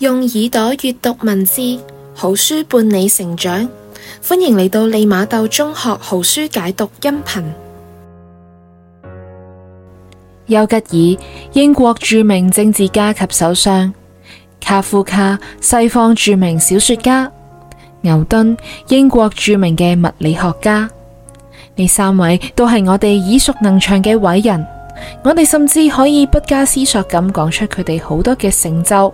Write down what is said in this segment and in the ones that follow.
用耳朵閱讀文字，好書伴你成長。歡迎嚟到利馬竇中學好書解讀音頻。丘吉爾，英國著名政治家及首相；卡夫卡，西方著名小說家；牛頓，英國著名嘅物理學家。呢三位都係我哋耳熟能詳嘅偉人，我哋甚至可以不加思索咁講出佢哋好多嘅成就。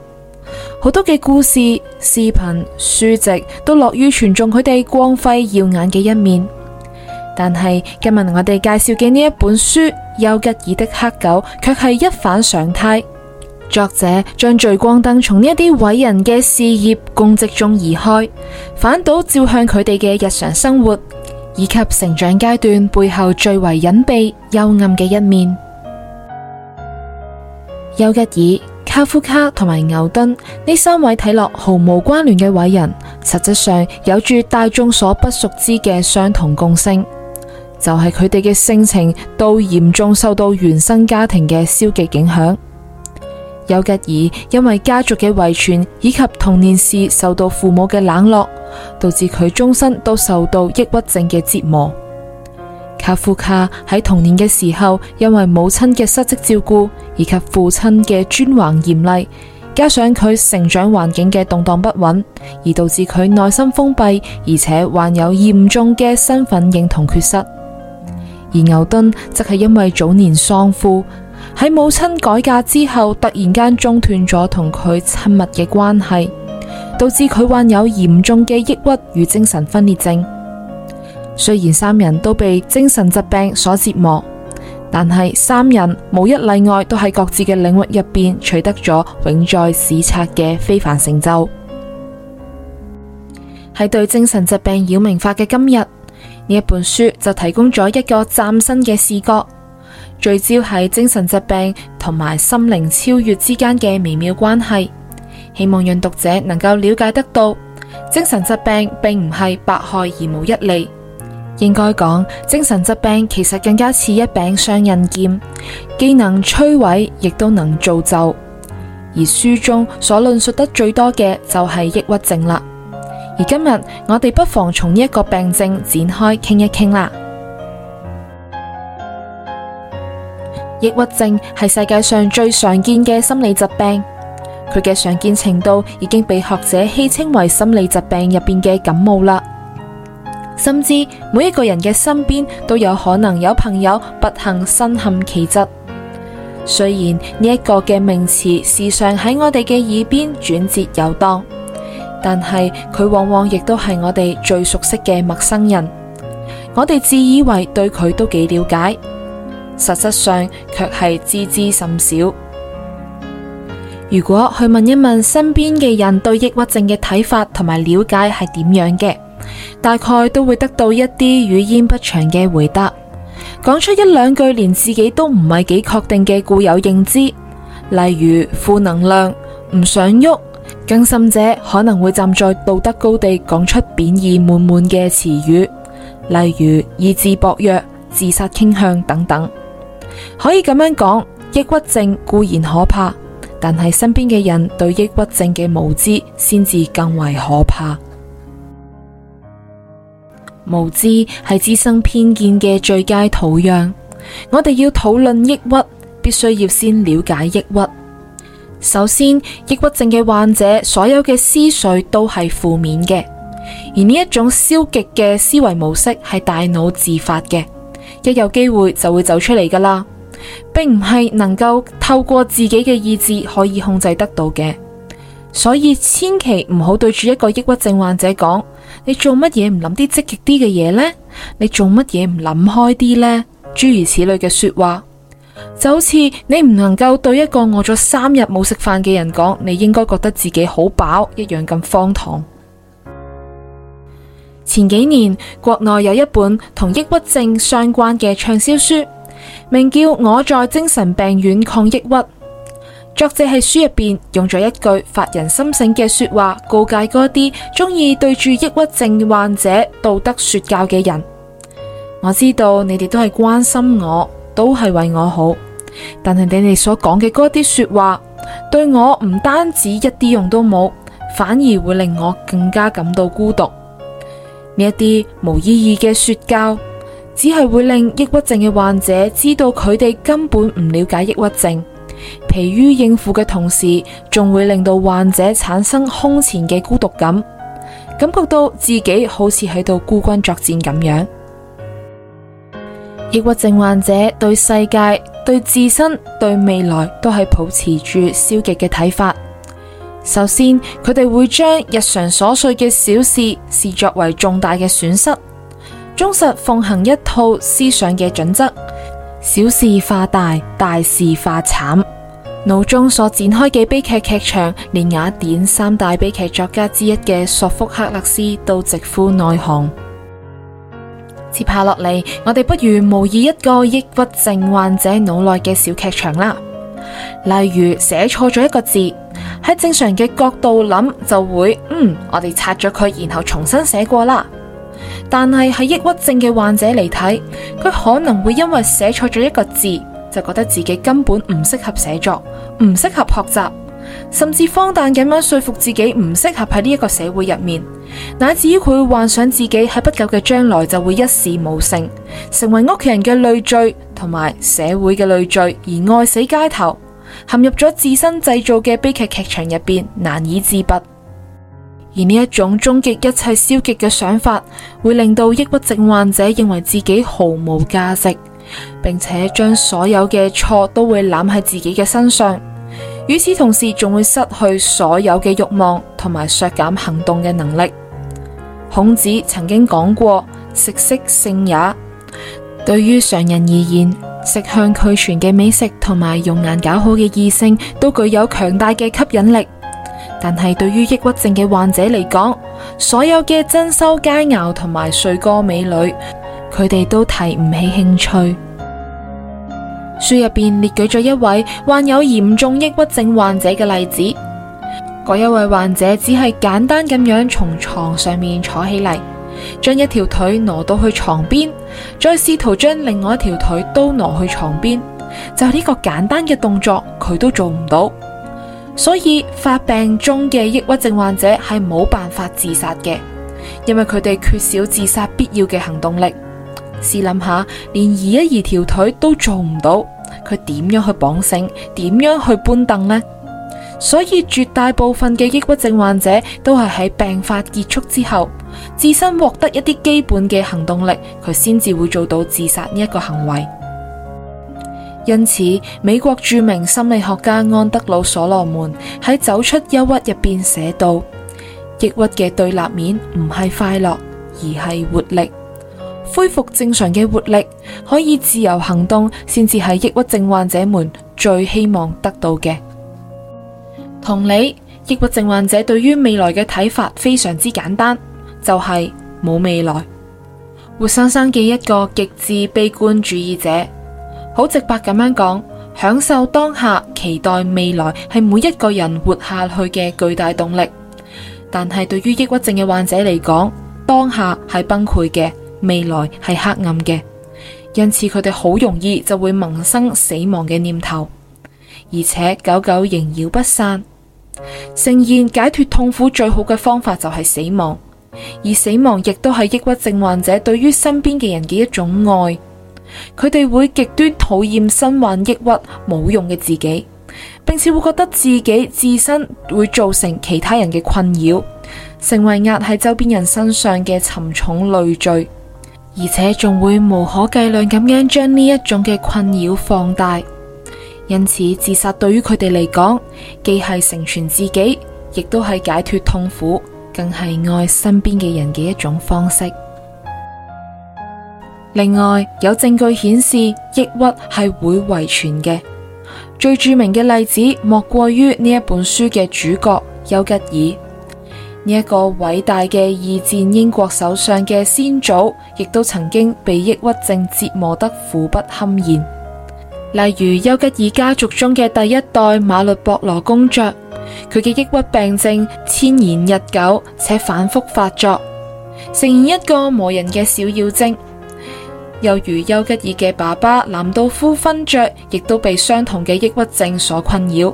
好多嘅故事、視頻、書籍都樂於傳頌佢哋光輝耀眼嘅一面，但係今日我哋介紹嘅呢一本書《丘吉爾的黑狗》，卻係一反常態，作者將聚光燈從呢一啲偉人嘅事業功績中移開，反倒照向佢哋嘅日常生活以及成長階段背後最為隱秘幽暗嘅一面。丘吉爾、卡夫卡同埋牛頓呢三位睇落毫無關聯嘅偉人，實質上有住大眾所不熟知嘅相同共性，就係佢哋嘅性情都嚴重受到原生家庭嘅消極影響。丘吉爾因為家族嘅遺傳以及童年時受到父母嘅冷落，導致佢終身都受到抑鬱症嘅折磨。卡夫卡喺童年嘅時候，因為母親嘅失職照顧，以及父親嘅專橫嚴厲，加上佢成長環境嘅動盪不穩，而導致佢內心封閉，而且患有嚴重嘅身份認同缺失。而牛頓則係因為早年喪父，喺母親改嫁之後，突然間中斷咗同佢親密嘅關係，導致佢患有嚴重嘅抑鬱與精神分裂症。雖然三人都被精神疾病所折磨，但係三人無一例外都喺各自嘅領域入邊取得咗永在史冊嘅非凡成就。喺 對精神疾病擾明法嘅今日，呢一本書就提供咗一個嶄新嘅視角，聚焦喺精神疾病同埋心靈超越之間嘅微妙關係。希望讓讀者能夠了解得到，精神疾病並唔係百害而無一利。應該講，精神疾病其實更加似一柄雙刃劍，既能摧毀，亦都能造就。而書中所論述得最多嘅就係抑鬱症啦。而今日我哋不妨從呢一個病症展開傾一傾啦。抑鬱症係世界上最常見嘅心理疾病，佢嘅常見程度已經被學者戲稱為心理疾病入邊嘅感冒啦。甚至每一個人嘅身邊都有可能有朋友不幸身陷其質。雖然呢一個嘅名詞時常喺我哋嘅耳邊轉折遊蕩，但係佢往往亦都係我哋最熟悉嘅陌生人。我哋自以為對佢都幾了解，實質上卻係知之甚少。如果去問一問身邊嘅人對抑鬱症嘅睇法同埋了解係點樣嘅？大概都會得到一啲語焉不詳嘅回答，講出一兩句連自己都唔係幾確定嘅固有認知，例如負能量、唔想喐，更甚者可能會站在道德高地講出貶義滿滿嘅詞語，例如意志薄弱、自殺傾向等等。可以咁樣講，抑鬱症固然可怕，但係身邊嘅人對抑鬱症嘅無知先至更為可怕。無知係滋生偏見嘅最佳土壤。我哋要討論抑鬱，必須要先了解抑鬱。首先，抑鬱症嘅患者所有嘅思緒都係負面嘅，而呢一種消極嘅思維模式係大腦自發嘅，一有機會就會走出嚟㗎喇，並唔係能夠透過自己嘅意志可以控制得到嘅。所以千祈唔好對住一個抑鬱症患者講。你做乜嘢唔諗啲積極啲嘅嘢呢？你做乜嘢唔諗開啲呢？諸如此類嘅說話，就好似你唔能夠對一個餓咗三日冇食飯嘅人講，你應該覺得自己好飽一樣咁荒唐。前幾年國內有一本同抑鬱症相關嘅暢銷書，名叫《我在精神病院抗抑鬱》。作者喺書入邊用咗一句發人心省嘅說話，告誡嗰啲中意對住抑鬱症患者道德說教嘅人。我知道你哋都係關心我，都係為我好，但係你哋所講嘅嗰啲說話，對我唔單止一啲用都冇，反而會令我更加感到孤獨。呢一啲無意義嘅說教，只係會令抑鬱症嘅患者知道佢哋根本唔了解抑鬱症。疲於應付嘅同時，仲會令到患者產生空前嘅孤獨感，感覺到自己好似喺度孤軍作戰咁樣。抑鬱症患者對世界、對自身、對未來都係抱持住消極嘅睇法。首先，佢哋會將日常瑣碎嘅小事視作為重大嘅損失，忠實奉行一套思想嘅準則。小事化大，大事化慘。腦中所展開嘅悲劇劇場，連雅典三大悲劇作家之一嘅索福克勒斯都直呼內行。接下落嚟，我哋不如模擬一個抑鬱症患者腦內嘅小劇場啦。例如寫錯咗一個字，喺正常嘅角度諗就會，嗯，我哋擦咗佢，然後重新寫過啦。但係喺抑鬱症嘅患者嚟睇，佢可能會因為寫錯咗一個字，就覺得自己根本唔適合寫作，唔適合學習，甚至荒誕咁樣說服自己唔適合喺呢一個社會入面，乃至於佢幻想自己喺不久嘅將來就會一事無成，成為屋企人嘅累贅，同埋社會嘅累贅，而餓死街頭，陷入咗自身製造嘅悲劇劇場入邊，難以自拔。而呢一種終極一切消極嘅想法，會令到抑鬱症患者認為自己毫無價值，並且將所有嘅錯都會攬喺自己嘅身上。與此同時，仲會失去所有嘅慾望同埋削減行動嘅能力。孔子曾經講過：食色，性也。對於常人而言，食向俱全嘅美食同埋容顏姣好嘅異性，都具有強大嘅吸引力。但係對於抑鬱症嘅患者嚟講，所有嘅珍饈佳餚同埋帥哥美女，佢哋都提唔起興趣。書入邊列舉咗一位患有嚴重抑鬱症患者嘅例子，嗰一位患者只係簡單咁樣從床上面坐起嚟，將一條腿挪到去床邊，再試圖將另外一條腿都挪去床邊，就呢個簡單嘅動作，佢都做唔到。所以發病中嘅抑鬱症患者係冇辦法自殺嘅，因為佢哋缺少自殺必要嘅行動力。試諗下，連二一二移一移條腿都做唔到，佢點樣去綁繩？點樣去搬凳呢？所以絕大部分嘅抑鬱症患者都係喺病發結束之後，自身獲得一啲基本嘅行動力，佢先至會做到自殺呢一個行為。因此，美國著名心理學家安德魯所羅門喺走出憂鬱入邊寫到：道抑鬱嘅對立面唔係快樂，而係活力。恢復正常嘅活力，可以自由行動，先至係抑鬱症患者們最希望得到嘅。同理，抑鬱症患者對於未來嘅睇法非常之簡單，就係、是、冇未來。活生生嘅一個極致悲觀主義者。好直白咁樣講，享受當下，期待未來，係每一個人活下去嘅巨大動力。但係對於抑鬱症嘅患者嚟講，當下係崩潰嘅，未來係黑暗嘅，因此佢哋好容易就會萌生死亡嘅念頭，而且久久縈繞不散。呈現解脱痛苦最好嘅方法就係死亡，而死亡亦都係抑鬱症患者對於身邊嘅人嘅一種愛。佢哋會極端討厭身患抑鬱冇用嘅自己，並且會覺得自己自身會造成其他人嘅困擾，成為壓喺周邊人身上嘅沉重累贅，而且仲會無可計量咁樣將呢一種嘅困擾放大。因此，自殺對於佢哋嚟講，既係成全自己，亦都係解脫痛苦，更係愛身邊嘅人嘅一種方式。另外有證據顯示，抑鬱係會遺傳嘅。最著名嘅例子莫過於呢一本書嘅主角丘吉爾呢一個偉大嘅二戰英國首相嘅先祖，亦都曾經被抑鬱症折磨得苦不堪言。例如丘吉爾家族中嘅第一代馬律博羅公爵，佢嘅抑鬱病症遷延日久，且反複發作，成一個磨人嘅小妖精。有如丘吉爾嘅爸爸蘭道夫勳爵，亦都被相同嘅抑鬱症所困擾，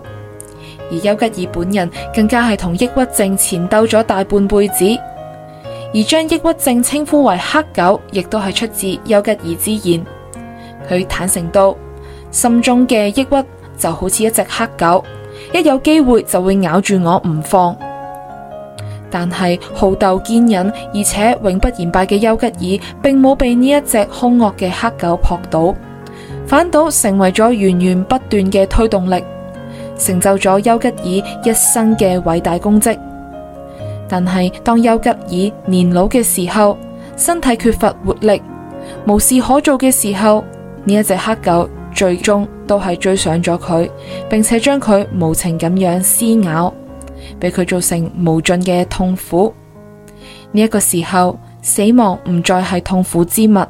而丘吉爾本人更加係同抑鬱症纏鬥咗大半輩子，而將抑鬱症稱呼為黑狗，亦都係出自丘吉爾之言。佢坦誠道：「心中嘅抑鬱就好似一隻黑狗，一有機會就會咬住我唔放。」但係好鬥堅忍，而且永不言敗嘅丘吉爾，並冇被呢一隻凶惡嘅黑狗撲倒，反倒成為咗源源不斷嘅推動力，成就咗丘吉爾一生嘅偉大功績。但係當丘吉爾年老嘅時候，身體缺乏活力，無事可做嘅時候，呢一隻黑狗最終都係追上咗佢，並且將佢無情咁樣撕咬。俾佢造成無盡嘅痛苦。呢、這、一個時候，死亡唔再係痛苦之物，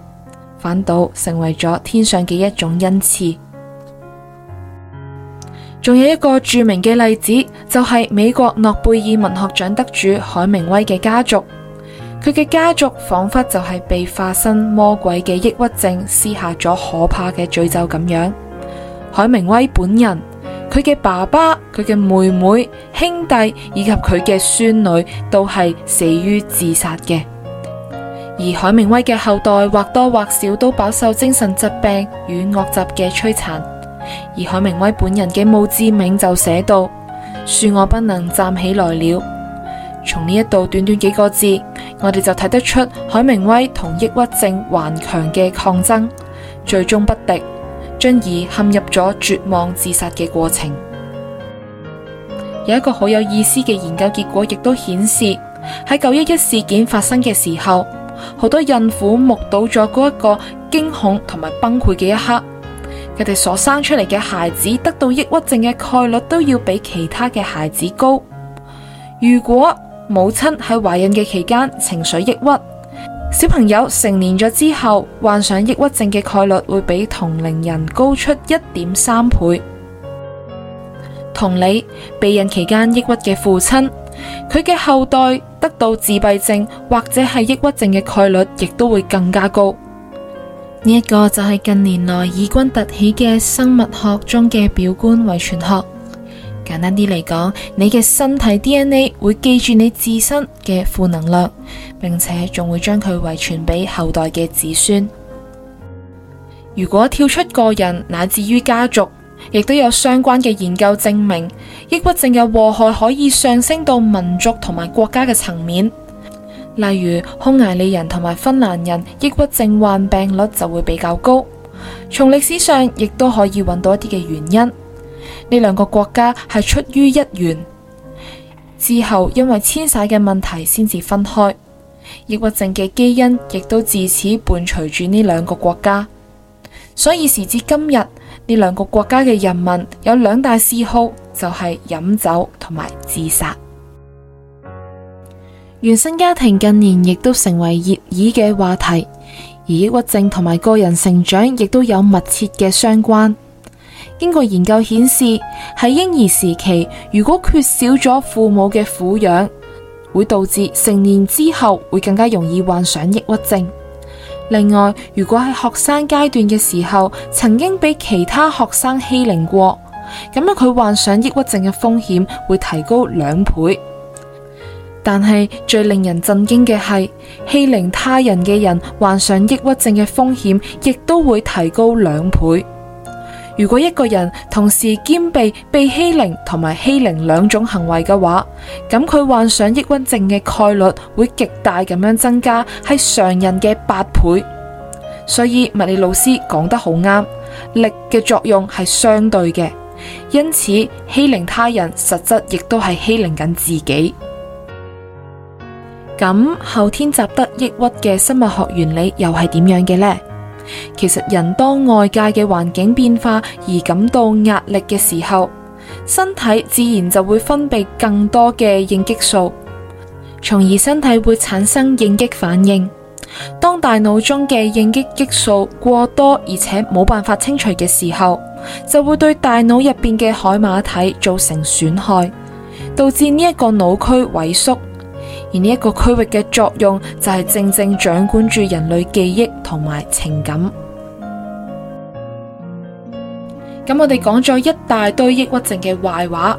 反倒成為咗天上嘅一種恩賜。仲有一個著名嘅例子，就係、是、美國諾貝爾文學獎得主海明威嘅家族。佢嘅家族仿佛就係被化身魔鬼嘅抑鬱症施下咗可怕嘅詛咒咁樣。海明威本人。佢嘅爸爸、佢嘅妹妹、兄弟以及佢嘅孫女都係死於自殺嘅，而海明威嘅後代或多或少都飽受精神疾病與惡習嘅摧殘，而海明威本人嘅墓誌銘就寫道：恕我不能站起來了。從呢一度短短幾個字，我哋就睇得出海明威同抑鬱症頑強嘅抗爭，最終不敵。進而陷入咗絕望自殺嘅過程。有一個好有意思嘅研究結果，亦都顯示喺九一一事件發生嘅時候，好多孕婦目睹咗嗰一個驚恐同埋崩潰嘅一刻，佢哋所生出嚟嘅孩子得到抑鬱症嘅概率都要比其他嘅孩子高。如果母親喺懷孕嘅期間情緒抑鬱，小朋友成年咗之後患上抑鬱症嘅概率會比同齡人高出一點三倍。同理，避孕期間抑鬱嘅父親，佢嘅後代得到自閉症或者係抑鬱症嘅概率亦都會更加高。呢一個就係近年來異軍突起嘅生物學中嘅表觀遺傳學。簡單啲嚟講，你嘅身體 DNA 會記住你自身嘅負能量，並且仲會將佢遺傳俾後代嘅子孫。如果跳出個人乃至於家族，亦都有相關嘅研究證明，抑鬱症嘅禍害可以上升到民族同埋國家嘅層面。例如，匈牙利人同埋芬蘭人抑鬱症患病率就會比較高。從歷史上亦都可以揾到一啲嘅原因。呢兩個國家係出於一源，之後因為遷徙嘅問題先至分開。抑鬱症嘅基因亦都自此伴隨住呢兩個國家，所以時至今日，呢兩個國家嘅人民有兩大嗜好，就係、是、飲酒同埋自殺。原生家庭近年亦都成為熱議嘅話題，而抑鬱症同埋個人成長亦都有密切嘅相關。經過研究顯示，喺嬰兒時期如果缺少咗父母嘅撫養，會導致成年之後會更加容易患上抑鬱症。另外，如果喺學生階段嘅時候曾經俾其他學生欺凌過，咁樣佢患上抑鬱症嘅風險會提高兩倍。但係最令人震驚嘅係，欺凌他人嘅人患上抑鬱症嘅風險亦都會提高兩倍。如果一個人同時兼備被欺凌同埋欺凌兩種行為嘅話，咁佢患上抑鬱症嘅概率會極大咁樣增加，係常人嘅八倍。所以物理老師講得好啱，力嘅作用係相對嘅，因此欺凌他人實質亦都係欺凌緊自己。咁後天習得抑鬱嘅生物學原理又係點樣嘅呢？其實人當外界嘅環境變化而感到壓力嘅時候，身體自然就會分泌更多嘅應激素，從而身體會產生應激反應。當大腦中嘅應激激素過多而且冇辦法清除嘅時候，就會對大腦入邊嘅海馬體造成損害，導致呢一個腦區萎縮。而呢一個區域嘅作用就係正正掌管住人類記憶同埋情感。咁我哋講咗一大堆抑鬱症嘅壞話，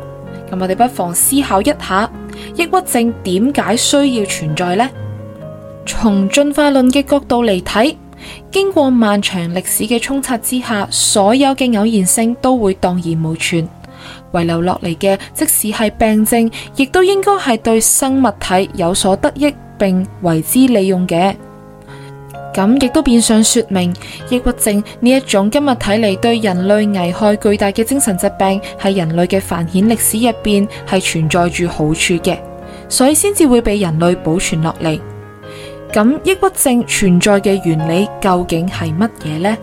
咁我哋不妨思考一下，抑鬱症點解需要存在呢？從進化論嘅角度嚟睇，經過漫長歷史嘅沖刷之下，所有嘅偶然性都會蕩然無存。遺留落嚟嘅，即使係病症，亦都應該係對生物體有所得益，並為之利用嘅。咁亦都變相說明，抑鬱症呢一種今日睇嚟對人類危害巨大嘅精神疾病，喺人類嘅繁衍歷史入邊係存在住好處嘅，所以先至會被人類保存落嚟。咁，抑鬱症存在嘅原理究竟係乜嘢呢？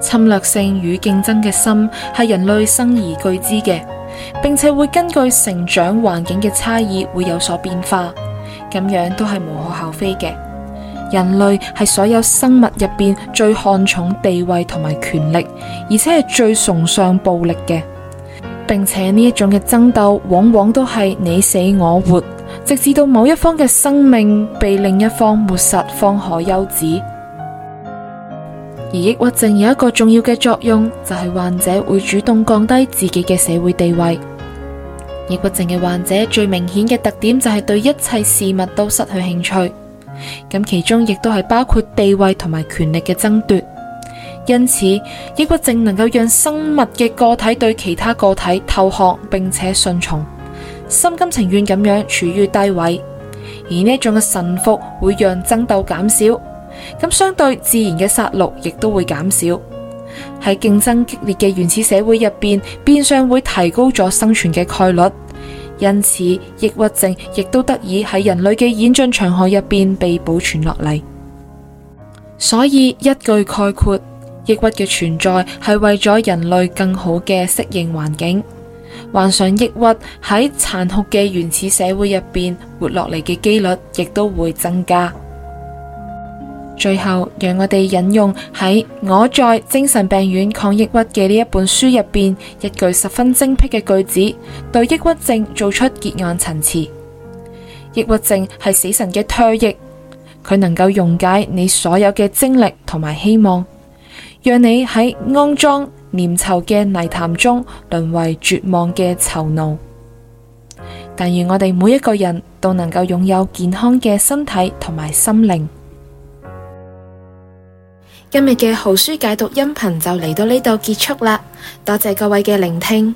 侵略性與競爭嘅心係人類生而具之嘅，並且會根據成長環境嘅差異會有所變化，咁樣都係無可厚非嘅。人類係所有生物入邊最看重地位同埋權力，而且係最崇尚暴力嘅，並且呢一種嘅爭鬥往往都係你死我活，直至到某一方嘅生命被另一方抹殺方可休止。而抑鬱症有一個重要嘅作用，就係、是，患者會主動降低自己嘅社會地位。抑鬱症嘅患者最明顯嘅特點就係對一切事物都失去興趣，咁其中亦都係包括地位同埋權力嘅爭奪。因此，抑鬱症能夠讓生物嘅個體對其他個體投降並且順從，心甘情願咁樣處於低位，而呢一種嘅臣服會讓爭鬥減少。咁相對自然嘅殺戮亦都會減少，喺競爭激烈嘅原始社會入邊，變相會提高咗生存嘅概率，因此抑鬱症亦都得以喺人類嘅演進長河入邊被保存落嚟。所以一句概括，抑鬱嘅存在係為咗人類更好嘅適應環境，患上抑鬱喺殘酷嘅原始社會入邊活落嚟嘅幾率亦都會增加。最後，讓我哋引用喺《我在精神病院抗抑鬱》嘅呢一本書入邊一句十分精闢嘅句子，對抑鬱症做出結案陳詞。抑鬱症係死神嘅唾液，佢能夠溶解你所有嘅精力同埋希望，讓你喺骯髒粘稠嘅泥潭中淪為絕望嘅囚奴。但願我哋每一個人都能夠擁有健康嘅身體同埋心靈。今日嘅好書解讀音頻就嚟到呢度結束喇，多謝各位嘅聆聽。